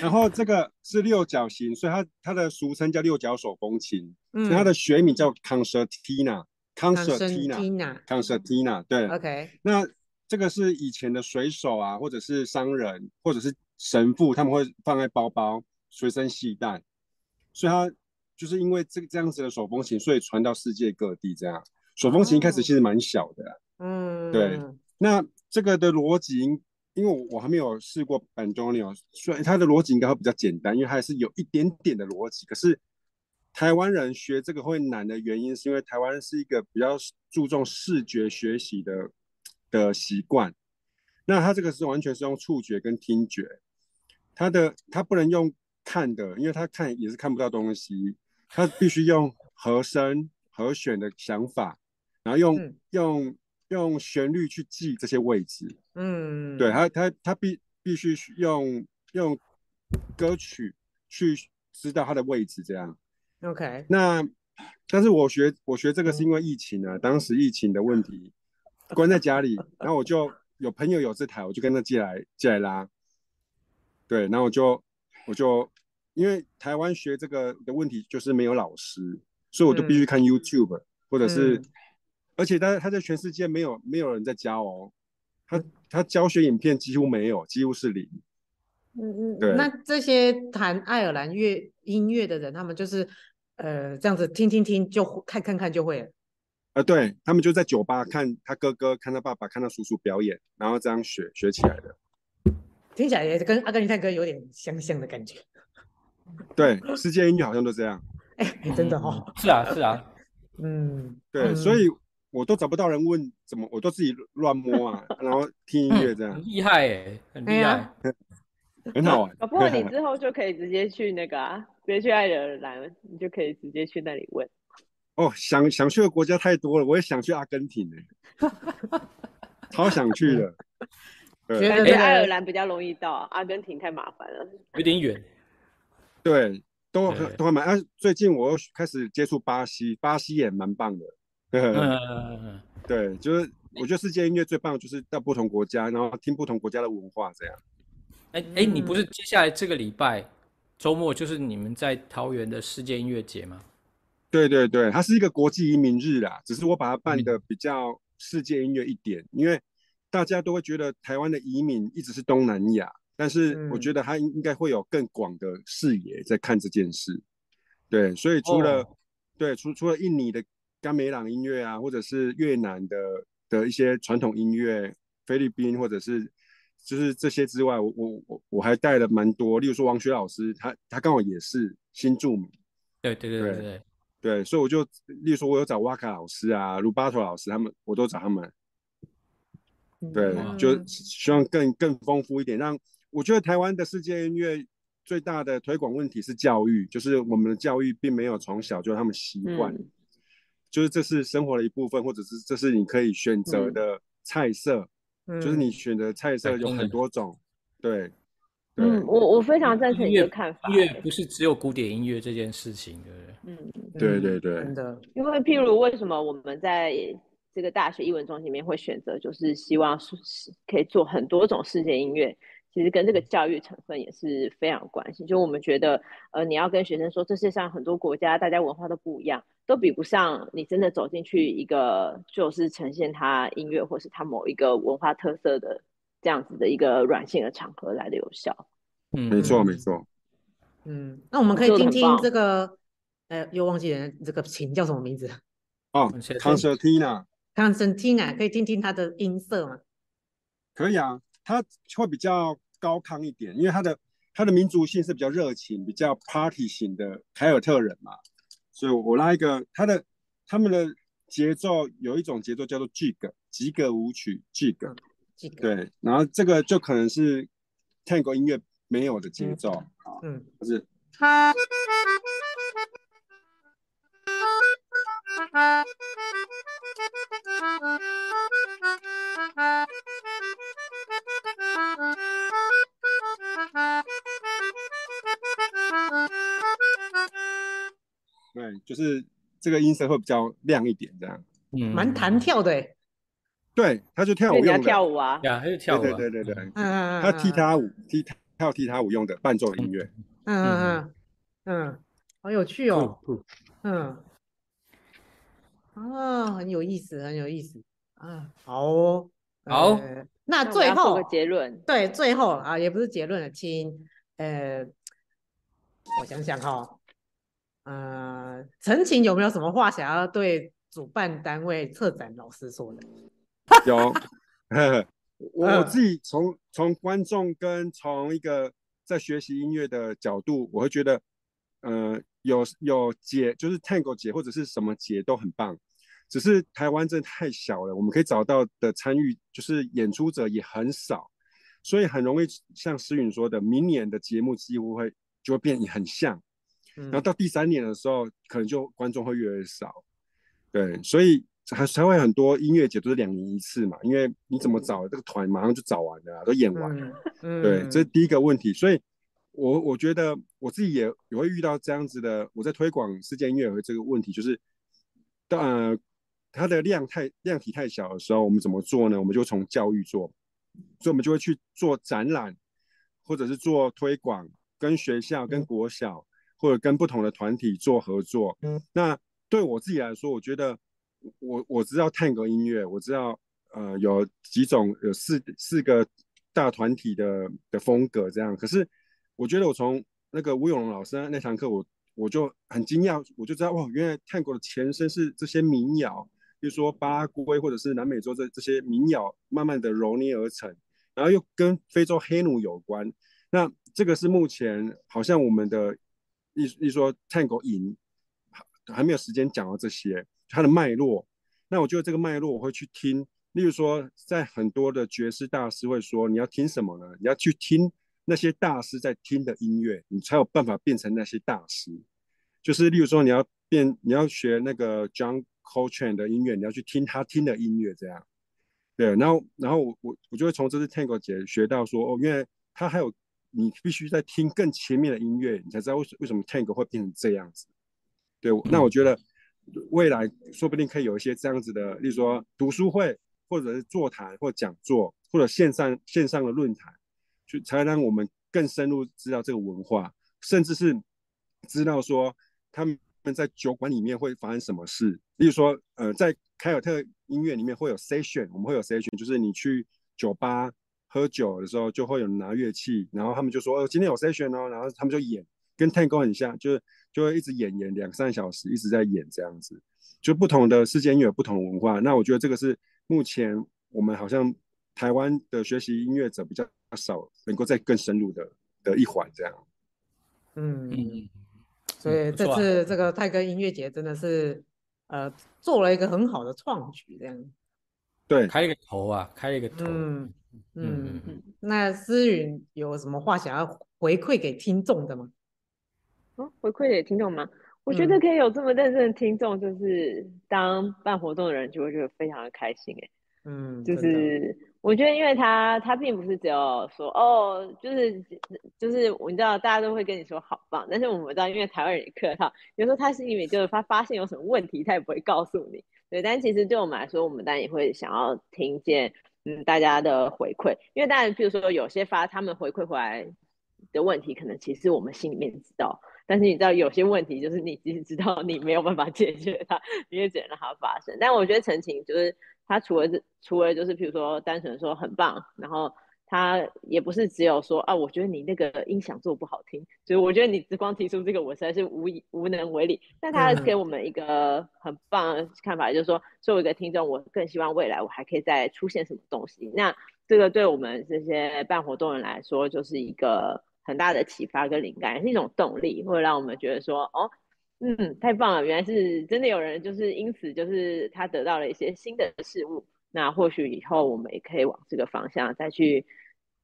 然後這個是六角形，所以它它的俗稱叫六角手風琴，嗯，它的學名叫 concertina，concertina，concertina，對，OK，那這個是以前的水手啊，或者是商人，或者是神父，他們會放在包包隨身攜帶，所以它就是因為這這樣子的手風琴，所以傳到世界各地這樣。手風琴一開始其實蠻小的、啊，哦、對嗯，對，那。這個的邏輯，因為我我還沒有試過 bandoneon 哦，所以它的邏輯應該會比較簡單，因為它還是有一點點的邏輯。可是台灣人學這個會難的原因，是因為台灣是一個比較注重視覺學習的的習慣。那它這個是完全是用觸覺跟聽覺，它的它不能用看的，因為它看也是看不到東西，它必須用和聲和弦的想法，然後用用。嗯用旋律去記這些位置，嗯，對他，他他必必須用用歌曲去知道他的位置，這樣，OK 那。那但是我學我學這個是因為疫情啊，嗯、當時疫情的問題，關在家裡， 然後我就有朋友有這台，我就跟他借來借來拉，對，然後我就我就因為台灣學這個的問題就是沒有老師，所以我都必須看 YouTube、嗯、或者是。嗯而且他他在全世界沒有沒有人在教哦，他他教學影片幾乎沒有，幾乎是零。嗯嗯，對。那這些彈愛爾蘭樂音樂的人，他們就是呃這樣子聽聽聽就看看看就會了。啊、呃、對他們就在酒吧看他哥哥、看他爸爸、看他叔叔表演，然後這樣學學起來的。聽起來也是跟阿根廷探戈有點相像、像的感覺。對，世界音樂好像都這樣。哎，真的哦，是啊，是啊。嗯，對，所以。嗯我都找不到人問怎麼，我都自己亂摸啊，然後聽音樂這樣。很厲害耶，很厲害，很好玩。不過你之後就可以直接去那個啊，直接去愛爾蘭，你就可以直接去那裡問。哦，想想去的國家太多了，我也想去阿根廷呢，超想去的。感覺愛爾蘭比較容易到，阿根廷太麻煩了，有點遠。對，都都還蠻。最近我又開始接觸巴西，巴西也蠻棒的。 嗯、對，就是我覺得世界音樂最棒，就是到不同國家，然後聽不同國家的文化這樣。哎哎、欸欸，你不是接下來這個禮拜周末就是你們在桃園的世界音樂節嗎？對對對，它是一個國際移民日啦，只是我把它辦的比較世界音樂一點，嗯、因為大家都會覺得台灣的移民一直是東南亞，但是我覺得它應應該會有更廣的視野在看這件事。對，所以除了、哦、對除除了印尼的。甘美朗音樂啊，或者是越南的的一些傳統音樂，菲律賓或者是就是這些之外，我我我我還帶了蠻多，例如說王雪老師，他他剛好也是新住民，對對對對對對，所以我就例如說，我有找瓦卡老師啊，魯巴托老師，他們，我都找他們，對，嗯、就希望更更豐富一點，讓我覺得台灣的世界音樂最大的推廣問題是教育，就是我們的教育並沒有從小就他們習慣。嗯就是這是生活的一部分，或者是這是你可以選擇的菜色，嗯，就是你選擇菜色有很多種，嗯、對，對，嗯，對我我非常贊成你的看法，音，音樂不是只有古典音樂這件事情，對對，嗯，對對對，嗯、真的，因為譬如為什麼我們在這個大學藝文中心裡面會選擇，就是希望是可以做很多種世界音樂。其實跟這個教育成分也是非常有關係，就我們覺得，呃，你要跟學生說，這世界上很多國家大家文化都不一樣，都比不上你真的走進去一個就是呈現他音樂或是他某一個文化特色的這樣子的一個軟性的場合來的有效。嗯沒，沒錯沒錯。嗯，那我們可以聽聽這個，呃，又忘記了這個琴叫什麼名字？哦，concertina。concertina，可以聽聽它的音色嗎？可以啊，它會比較。高亢一點，因為他的他的民族性是比較熱情、比較 party 型的凱爾特人嘛，所以，我拉一個他的他們的節奏，有一種節奏叫做 jig 吉格舞曲 jig、嗯、對，然後這個就可能是 tango 音樂沒有的節奏、嗯、啊，嗯，就是。嗯嗯，就是這個音色會比較亮一點，這樣，嗯，蠻彈跳的，對，他就跳舞用的跳舞啊，呀，他就跳舞，對對對嗯嗯嗯，他踢踏舞踢跳踢踏舞用的伴奏音樂，嗯嗯嗯，嗯，好有趣哦，嗯，啊，很有意思，很有意思，啊好，好，那最後結論，對，最後啊，也不是結論，親，呃，我想想哈。呃，呈擎有沒有什麼話想要對主辦單位、策展老師說的？有，我 呵呵我自己從從、呃、觀眾跟從一個在學習音樂的角度，我會覺得，呃，有有節，就是探戈節或者是什麼節都很棒，只是台灣真的太小了，我們可以找到的參與就是演出者也很少，所以很容易像詩昀說的，明年的節目幾乎會就會變很像。然後到第三年的時候，嗯、可能就觀眾會越來越少，對，所以還才會很多音樂節都是兩年一次嘛，因為你怎麼找、嗯、這個團，馬上就找完了，都演完了。嗯嗯、對，這是第一個問題。所以我，我我覺得我自己也也會遇到這樣子的。我在推廣世界音樂會這個問題，就是當、呃、它的量太量體太小的時候，我們怎麼做呢？我們就從教育做，所以我們就會去做展覽，或者是做推廣，跟學校，跟國小。嗯或者跟不同的團體做合作，嗯、那對我自己來說，我覺得我我知道探戈音樂，我知道呃有幾種有四四個大團體的的風格這樣。可是我覺得我從那個吳永龍老師那堂課我，我我就很驚訝，我就知道哇，原來探戈的前身是這些民謠，比如說巴拉圭或者是南美洲這這些民謠慢慢的揉捏而成，然後又跟非洲黑奴有關。那這個是目前好像我們的。例如說 tango 音，還還沒有時間講到這些，它的脈絡。那我覺得這個脈絡我會去聽，例如說，在很多的爵士大師會說，你要聽什麼呢？你要去聽那些大師在聽的音樂，你才有辦法變成那些大師。就是例如說，你要變，你要學那個 John Coltrane 的音樂，你要去聽他聽的音樂，這樣。對，然後然後我我就會從這次 TANGO 節學到說，哦，原來他還有。你必須在聽更前面的音樂，你才知道為什為什麼 Tango 會變成這樣子。對，那我覺得未來說不定可以有一些這樣子的，例如說讀書會，或者是座談或講座，或者線上線上的論壇，去才能讓我們更深入知道這個文化，甚至是知道說他們在酒館裡面會發生什麼事。例如說，呃，在凱爾特音樂裡面會有 session，我們會有 session，就是你去酒吧。喝酒的時候就會有人拿樂器，然後他們就說：“今天有 session 哦。”然後他們就演，跟探戈很像，就是就會一直演演兩三小時，一直在演這樣子。就不同的世界有不同的文化，那我覺得這個是目前我們好像台灣的學習音樂者比較少，能夠再更深入的的一環這樣。嗯，所以這次這個探戈音樂節真的是呃做了一個很好的創舉，這樣。對，開一個頭啊，開一個頭。嗯。那詩昀有什麼話想要回饋給聽眾的嗎？哦、回饋給聽眾嗎？我覺得可以有這麼認真的聽眾，就是當辦活動的人就會覺得非常的開心哎、欸。嗯，就是的我覺得，因為他他並不是只有說哦，就是就是，你知道大家都會跟你說好棒，但是我們知道，因為台灣人也客套，有時候他是因為就是他發, 發現有什麼問題，他也不會告訴你。對，但其實對我們來說，我們當然也會想要聽見。嗯，大家的回饋，因為當然，比如說有些發他們回饋回來的問題，可能其實我們心裡面知道，但是你知道有些問題就是你其實知道你沒有辦法解決它，你也只能讓它發生。但我覺得呈擎就是，他除了除了就是比如說單純說很棒，然後。他也不是只有說啊，我覺得你那個音響做不好聽，所以我覺得你只光提出這個，我實在是無無能為力。但他給我們一個很棒的看法，嗯、就是說，作為一個聽眾，我更希望未來我還可以再出現什麼東西。那這個對我們這些辦活動人來說，就是一個很大的啟發跟靈感，是一種動力，會讓我們覺得說，哦，嗯，太棒了，原來是真的有人就是因此就是他得到了一些新的事物。那或許以後我們也可以往這個方向再去、嗯。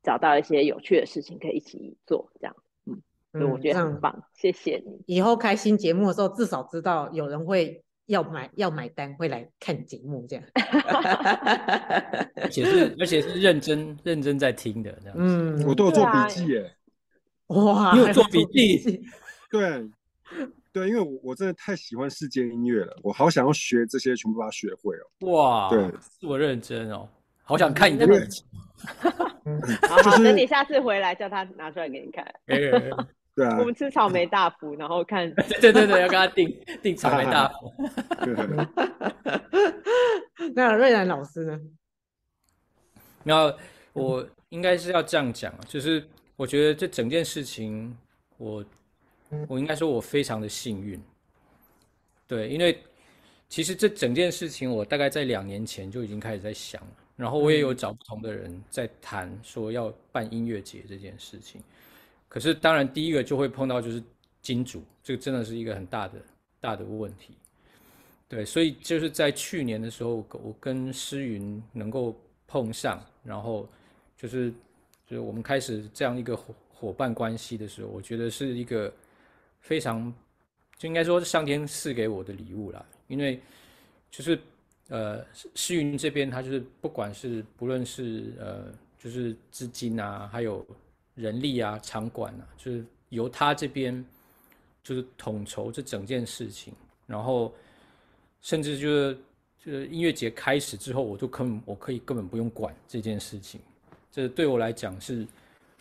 找到一些有趣的事情可以一起做。這樣，嗯，所以我覺得很棒，嗯、謝謝你。以後開新節目的時候，至少知道有人會要買要買單，會來看節目這樣。 而且是而且是認真認真在聽的這樣子。嗯，我都有做筆記耶！哇、啊，你有做筆記？哇 對，對，因為我我真的太喜歡世界音樂了，我好想要學這些，全部把它學會哦。哇，對，是我認真哦。好想看你的， 就是好好等你下次回來，叫他拿出來給你看。 對啊，我們吃草莓大福，然後看。對對對對，要跟他訂訂 草莓大福。 那睿然老師呢？那我應該是要這樣講，就是我覺得這整件事情，我我應該說我非常的幸運。對，因為其實這整件事情，我大概在兩年前就已經開始在想了。然後我也有找不同的人在談，說要辦音樂節這件事情。可是當然，第一個就會碰到，就是金主，這個真的是一個很大的大的問題。對，所以就是在去年的時候，我跟詩昀能夠碰上，然後就是就是我們開始這樣一個夥夥伴關係的時候，我覺得是一個非常就應該說是上天賜給我的禮物啦，因為就是。呃，詩詩昀這邊，他就是不管是不論是呃，就是資金啊，還有人力啊、場館啊，就是由他這邊就是統籌這整件事情，然後甚至就是就是音樂節開始之後，我就，我都可我可以根本不用管這件事情，這對我來講是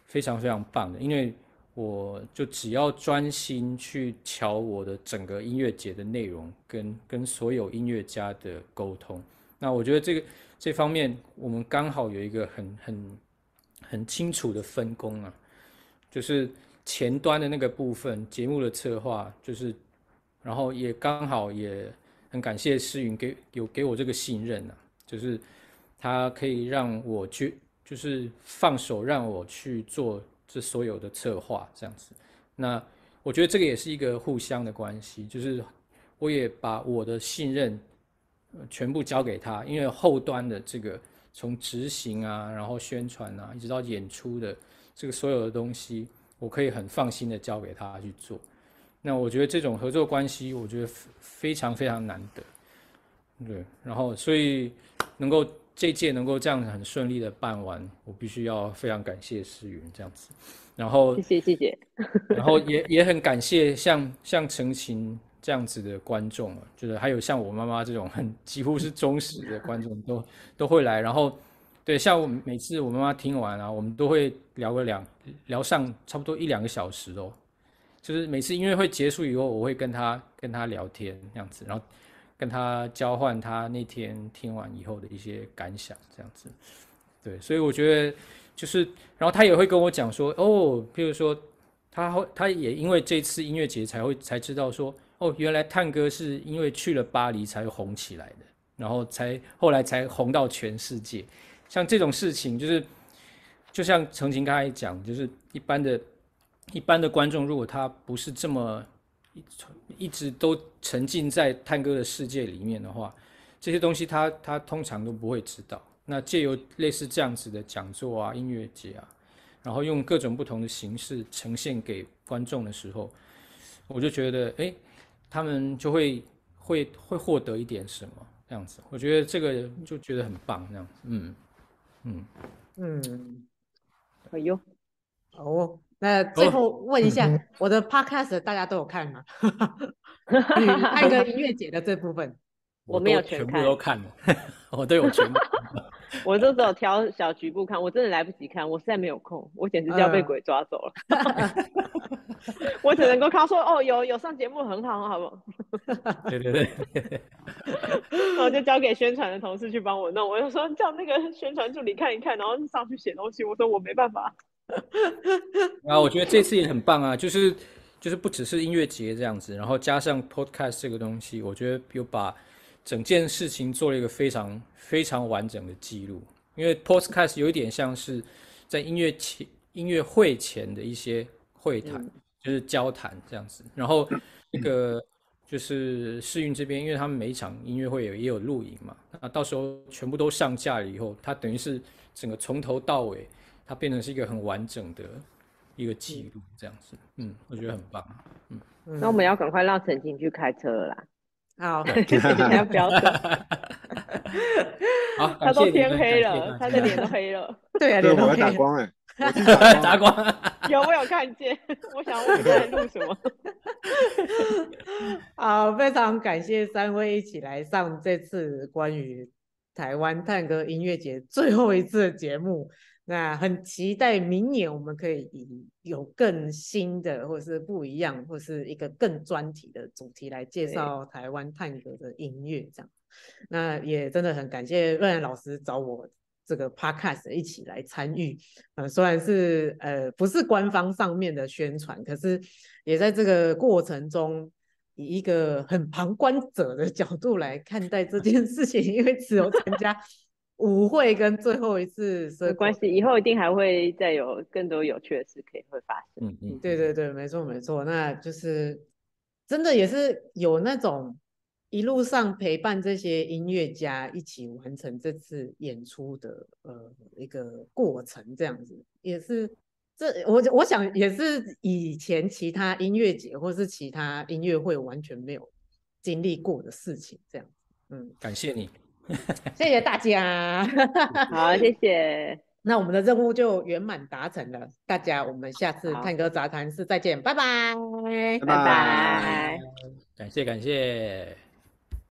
非常非常棒的，因為。我就只要專心去喬我的整個音樂節的內容，跟跟所有音樂家的溝通。那我覺得這個這方面，我們剛好有一個很很很清楚的分工啊，就是前端的那個部分，節目的策劃，就是，然後也剛好也很感謝詩昀給有給我這個信任啊，就是他可以讓我去，就是放手讓我去做。是所有的策劃這樣子，那我覺得這個也是一個互相的關係，就是我也把我的信任全部交給他，因為後端的這個從執行啊，然後宣傳啊，一直到演出的這個所有的東西，我可以很放心的交給他去做。那我覺得這種合作關係，我覺得非常非常難得。對，然後所以能夠。這屆能夠這樣很順利的辦完，我必須要非常感謝詩昀這樣子，然後謝謝謝謝，謝謝 然後也也很感謝像像呈擎這樣子的觀眾啊，就是還有像我媽媽這種很幾乎是忠實的觀眾都 都會來，然後對，像我每次我媽媽聽完啊，我們都會聊個兩聊上差不多一兩個小時哦，就是每次音樂會結束以後，我會跟她跟她聊天這樣子，然後。跟他交換他那天聽完以後的一些感想，這樣子，對，所以我覺得就是，然後他也會跟我講說，哦，譬如說，他他也因為這次音樂節才會才知道說，哦，原來探戈是因為去了巴黎才紅起來的，然後才後來才紅到全世界。像這種事情，就是就像呈擎剛才講，就是一般的一般的觀眾，如果他不是這麼。一一直都沉浸在探戈的世界裡面的話，這些東西他他通常都不會知道。那借由類似這樣子的講座啊、音樂節啊，然後用各種不同的形式呈現給觀眾的時候，我就覺得，哎、欸，他們就會會會獲得一點什麼這樣子。我覺得這個就覺得很棒，這樣子。嗯嗯嗯。哎喲。好、oh.。那最後問一下，oh, 我的 podcast 大家都有看嗎？ 你看個音樂節的這部分，我沒有全看，全部都看了，我都有全部。 我都只有挑小局部看，我真的來不及看，我實在沒有空，我簡直就要被鬼抓走了， 我只能夠靠說哦，有有上節目很好，好不好？對對對，我就交給宣傳的同事去幫我弄，我就說叫那個宣傳助理看一看，然後上去寫東西，我說我沒辦法。 啊，我覺得這次也很棒啊，就是就是不只是音樂節這樣子，然後加上 podcast 這個東西，我覺得又把整件事情做了一個非常非常完整的記錄。因為 podcast 有一點像是在音樂前音樂會前的一些會談，嗯、就是交談這樣子。然後那個就是試運這邊，因為他們每一場音樂會有也有錄影嘛，那到時候全部都上架了以後，它等於是整個從頭到尾。它變成是一個很完整的一個記錄，這樣子，嗯，嗯我覺得很棒，嗯。嗯那我們要趕快讓呈擎去開車了啦。好、oh, 對，天黑了，不要走。好， 他都天黑了， 他的臉都黑了。對啊，臉都黑了。黑了我要打光哎，欸，我打，光啊， 打光。有沒有看見？我想問你在錄什麼？好，非常感謝三位一起來上這次關於台灣探戈音樂節最後一次的節目。那很期待明年我們可以以有更新的，或者是不一樣，或是一個更專題的主題來介紹台灣探戈的音樂。這樣，對那也真的很感謝睿然老師找我這個 podcast 一起來參與。嗯、呃，雖然是呃不是官方上面的宣傳，可是也在這個過程中以一個很旁觀者的角度來看待這件事情， 因為只有參加。 舞會跟最後一次沒關係，以後一定還會再有更多有趣的事可以會發生。嗯嗯，嗯對對對，沒錯沒錯，那就是真的也是有那種一路上陪伴這些音樂家一起完成這次演出的呃一個過程，這樣子也是這我我想也是以前其他音樂節或是其他音樂會完全沒有經歷過的事情，這樣嗯，感謝你。 謝謝大家， 好，謝謝。 那我們的任務就圓滿達成了，大家，我們下次探戈雜談室再見，拜拜，拜拜，感謝感謝。